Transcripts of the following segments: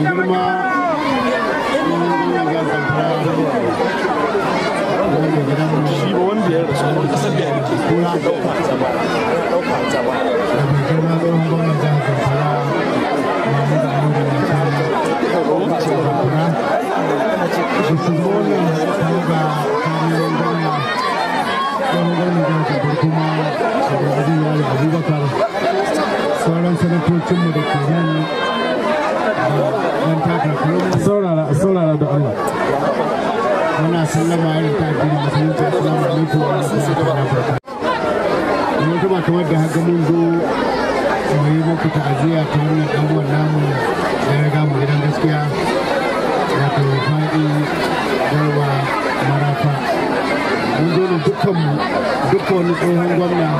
mai girma shi ba wanda ya da abubakar sauran sallama irin ta addini musulunci assalamu alaikum wa rahmatullahi wa barakatuh mun kuma kamar da haka mun zo mu yi muku ta'aziyya ta hanyar dan uwan namu da ya riga mu gidan gaskiya wato faɗi garba marafa mun zo ne dukkan mu dukkan wani tsohon gwamna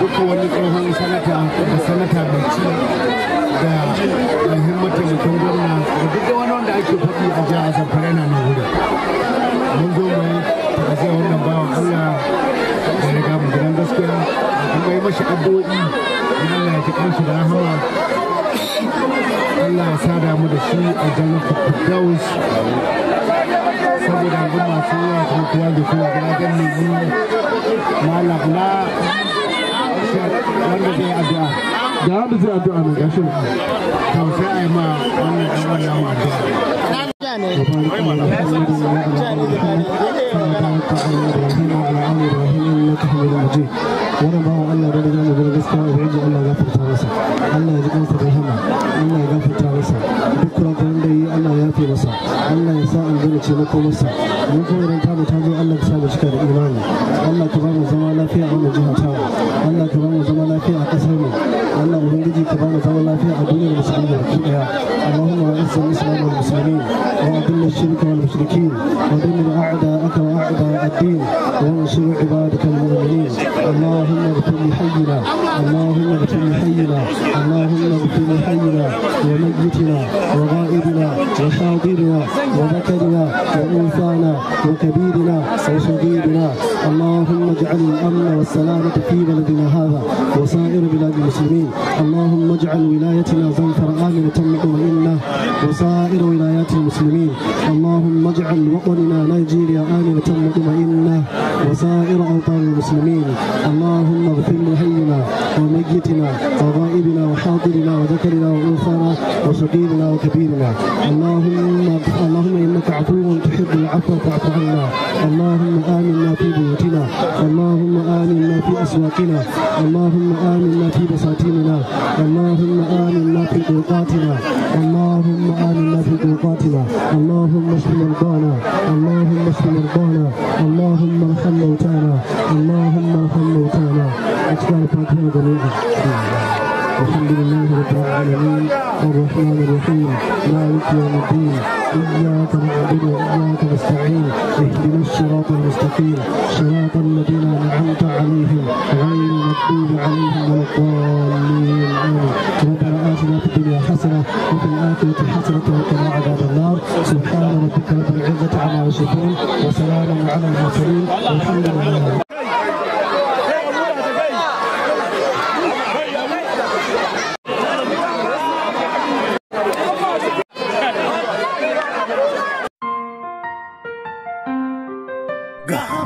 dukkan wani tsohon sanata da sanata mai ci da muhimmatin mutum gwamna da duk wani wanda ake faɗi a jihar zamfara na nan Allah ya ji da rahama Allah ya sada da shi a jannatul firdaus saboda ga masu yawa da kowa ga dan na wanda zai addu'a da wanda zai addu'a ne to sai ma wannan dan wannan addu'a ونبأ yafe masa Allah ya sa aljanna ce masa mun kuma idan ta ta zo Allah ya sa mu cika da imani Allah ka ba mu zama lafiya a wannan jiha ta Allah ka ba mu zama lafiya a kasar mu Allah ubangiji ka ba mu zama lafiya a duniyar musulmi اللهم اغفر لحينا اللهم اغفر لحينا اللهم اغفر لحينا وميتنا وغائبنا وصغيرنا وذكرنا وانثانا وكبيرنا وصغيرنا اللهم اجعل الامن والسلامه في بلدنا هذا وسائر بلاد المسلمين اللهم اجعل ولايتنا زنفر امنه مطمئنه وسائر ولايات المسلمين اللهم اجعل وطننا نيجيريا امنه مطمئنه وسائر اوطان المسلمين اللهم اغفر لحينا وميتنا وغائبنا وحاضرنا وذكرنا وانثانا وصغيرنا وكبيرنا اللهم اللهم اللهم انك عفو تحب العفو فاعف عنا اللهم امنا في بيوتنا اللهم امنا في اسواقنا اللهم امنا في بساتيننا اللهم امنا في اوقاتنا اللهم امنا في اوقاتنا اللهم اشف مرضانا اللهم اشف مرضانا اللهم ارحم موتانا اللهم ارحم موتانا اجعل فاتحه جميعا الحمد لله رب العالمين الرحمن الرحيم مالك يوم الدين إياك نعبد وإياك نستعين اهدنا الصراط المستقيم صراط الذين أنعمت عليهم غير المغضوب عليهم ولا الضالين آمين ربنا آتنا في الدنيا حسنة وفي الآخرة حسنة وقنا عذاب النار سبحان ربك رب العزة عما يصفون وسلام على المرسلين الحمد لله